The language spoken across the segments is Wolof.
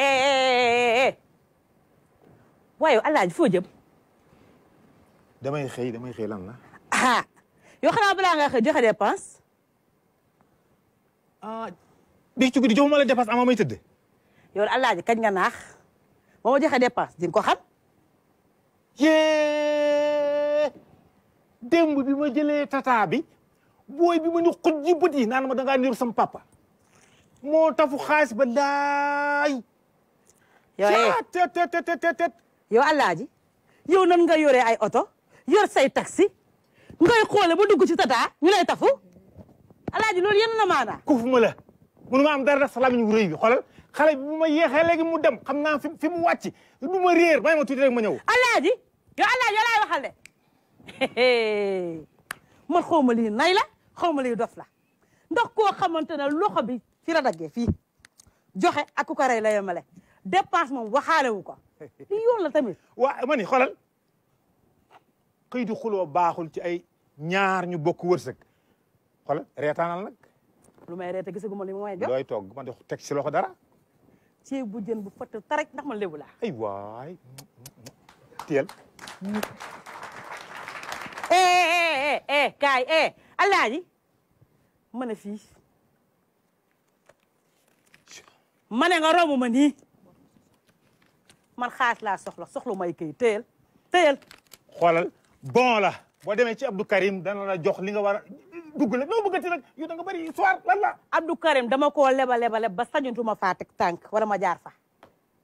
Eh, eh, eh, waaye alaaji foo damay xëy damay xëy lan la. ah yoo xanaa balaa nga xëy joxe dépense. ah bii ci guddi joxuma la dépense may tëdd. yow alaaji kañ nga naax ba ma joxe dépense di ko xam. yee démb bi ma jëlee tata bi booy bi ma ni xuj ji naan ma dangaa niru sam papa tafu xaalis ba yow eh yow alaaji yow nan nga yore ay oto yor say taxi ngay xoole ba dugg ci tata ñu lay tafu alaaji loolu yéen na maanaa kuf ma la mënu am dara def salaam ñu rëy bi xoolal xale bi ma yeexee léegi mu dem xam naa fi fi mu wàcc du ma réer bàyyi ma tuuti rek ma ñëw alaaji yow alaaji yow waxal de man xaw ma lii nay la xaw ma lii dof la ndax koo xamante ne loxo bi fi la daggee fii joxe ak ku ko rey la yemale dépense moom waxaale wu ko li yoon la tamit. waa ma ni xoolal këyitu xuloo baaxul ci ay ñaar ñu bokk wërsëg xoolal reetaanal nag. lu may reete gisaguma li may jox looy togg man de teg si loxo dara. ceeb bu jën bu fëtt tarek ndax man lébu laa. ay waay teel. eh eh kaay eh alaaji ma ne fii ma ne nga romb ma nii. man xaalis laa soxla soxla may kay téyel téyel xoolal bon la boo demee ci Abdou Karim dana la jox li nga war a dugg la noo bëggati nag yow da nga bëri histoire lan la Abdou Karim dama koo leba leba leb ba sañutuma faa teg tànk wala ma jaar fa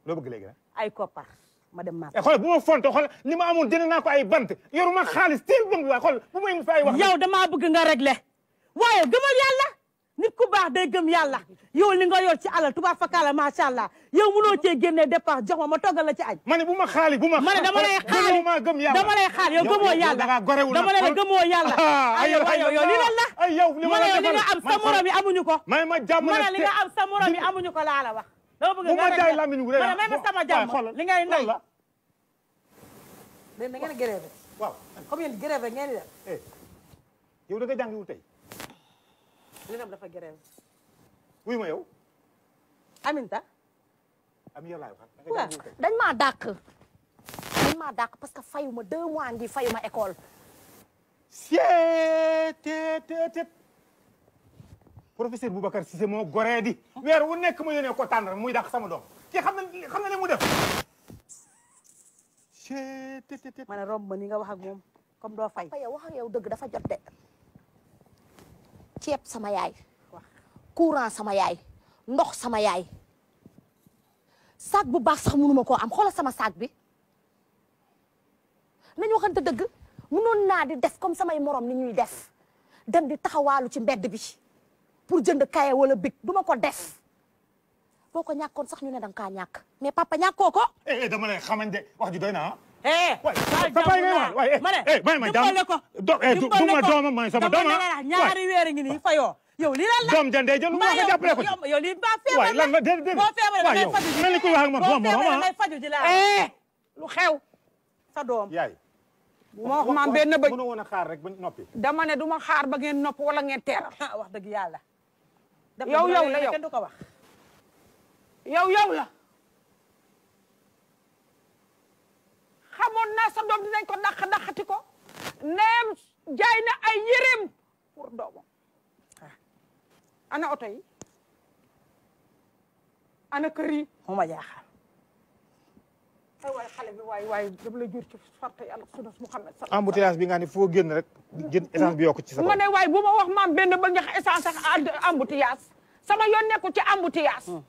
loo bëgg léegi nag ay koppar ma dem ma eh, xool bu ma fonto xool li ma amoon jënd naa ko ay bant yoru ma xaalis teel bang waa xool bu may mu fay wax yow damaa bëgg nga réglé waaye gëmal yàlla nit ku baax day gëm yàlla yow li nga yor ci alal tubaab fakkaala macha allah yow mënoo cee génnee départ jox ma ma toggal la ci ay mane ne bu ma xaali bu ma. ma ne dama lay xaali dama lay xaali yow gëmoo yàlla dama lay gëmoo yàlla. la la. ma ne yow li am sa morom yi am sa morom yi amuñu ko la wax. dama bëgg ma ne ah. ma ne sama jàmm li ngay nay. na ngeen di grève. waaw comme yéen grève ngeen di def. Eh. da nga wuy ma yow. Aminta. Ami yow laay wax. dañ maa dàq. dañ maa dàq parce que fayu ma deux mois ngi fayu ma école. seeteeteet. professeur Boubacar si moo goree di. weer wu nekk ma yónnee ko tànn muy dàq sama doom. ki xam na xam na ne mu def. seeteeteet. ma ne romb ni nga wax ak moom comme doo fay. wax ak yow dëgg dafa jot de. ceeb sama yaay. courant sama yaay ndox sama yaay saag bu baax sax mënuma ko am xoolal sama saag bi na nañu waxante dëgg mënoon naa di def comme samay morom ni ñuy def dem di taxawaalu ci mbedd bi pour jënd kaye wala big duma ko def foo ko ñàkkoon sax ñu ne da ka kaa ñàkk mais papa ñàkkoo ko. eh, eh dama lay xamañ de wax ji doy na ah. eh, eh papa yi ngay wax waaye eh ma ñaari weer ngi nii fayoo yow li lan la doom jandee jël ma ko jàppale ko ci yow li ba feebar la boo feebar la ngay faju mel ni kuy wax ak man boo feebar la ngay faju ji la eh, lu xew sa doom yaay bu ma wax maam benn bëj mënu woon a xaar rek ba noppi dama ne du ma xaar ba ngeen nopp wala ngeen teeral ah, wax dëgg yàlla yow yow la yow kenn du ko wax yow yow la xamoon naa sa doom dinañ ko dàq dàqati ko neem jaay na ay yërëm pour doomam ana oto yi ana kër yi mu ma jaaxal bi waay waay dama la jur ci farte bi nga ne foo génn rek jën essence bi yokk ci sa ma waay bu ma wax maam benn ba ñax essence ak ànd embouteillage sama yoon nekku ci embouteillage hmm.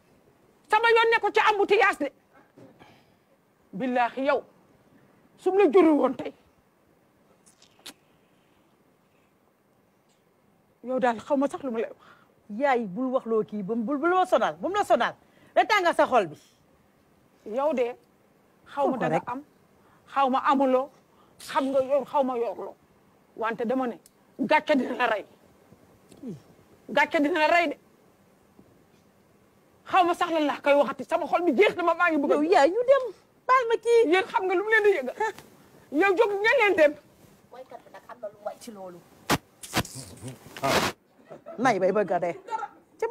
sama yoon nekku ci embouteillage de billaahi yow su la juru woon tey yow daal xaw ma sax lu ma lay yaay bul wax loo kii bam bul bul ma sonal bum la sonal da tànga sa xol bi yow de xaw ma danga am xaw ma amuloo xam nga yor xaw ma yorloo wante dama ne gàcce dina la rey gàcce dina la rey de xaw ma sax laa koy waxati sama xol bi jeex na ma maa ngi bëgg yow yaay ñu dem baal ma kii yéen xam nga lu leen di yëg yow jóg ngeen leen dem ci loolu ah. nay bay bëgg a ya? ya, dee cim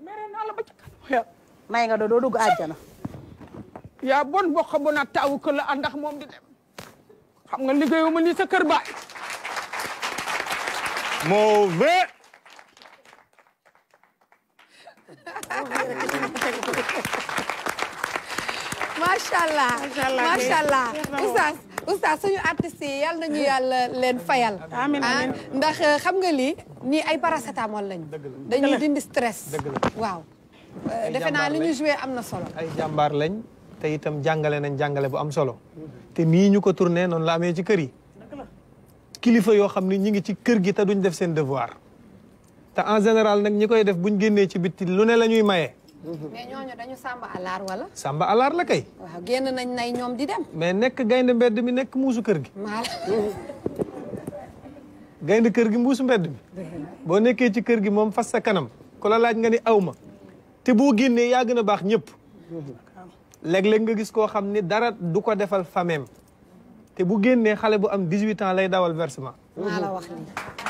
mere naa la ba ya ci kanam nay nga doo dugg àjjana bon bokk bu na taw ko la andax mom di dem xam nga liggéeyu ni sa kër baay mauvais Masha Allah, Masha Allah, Oustaz oustaz suñu artistes yi yal nañu yàlla leen fayal. amiin ah, ndax euh, xam nga lii ñii ay paracétamol lañu. dañuy dindi stress. waaw. defe naa li ñu joué am na solo. ay jàmbaar lañ te itam jàngale nañ jàngale bu am solo. te nii ñu ko tourné noonu la amee ci kër yi. kilifa yoo xam ni ñu ngi ci kër gi te duñ def seen devoir. te en général nag ñi koy def bu buñ génnee ci bitti lu ne la ñuy maye. mais ñooñu dañu sàmba alaar wala. sàmba alaar la kay. waaw génn nañ nay ñoom di dem. mais nekk gaynde mbedd mi nekk muusu kër gi. maal. gaynde kër gi mbuusu mbedd mi. boo nekkee ci kër gi moom fas sa kanam. ku laaj nga ni aw ma. te boo génnee yaa na baax ñépp léeg-léeg nga gis koo xam ni dara du ko defal fameem te bu génnee xale bu am 18 ans lay dawal versement. maa la wax nii.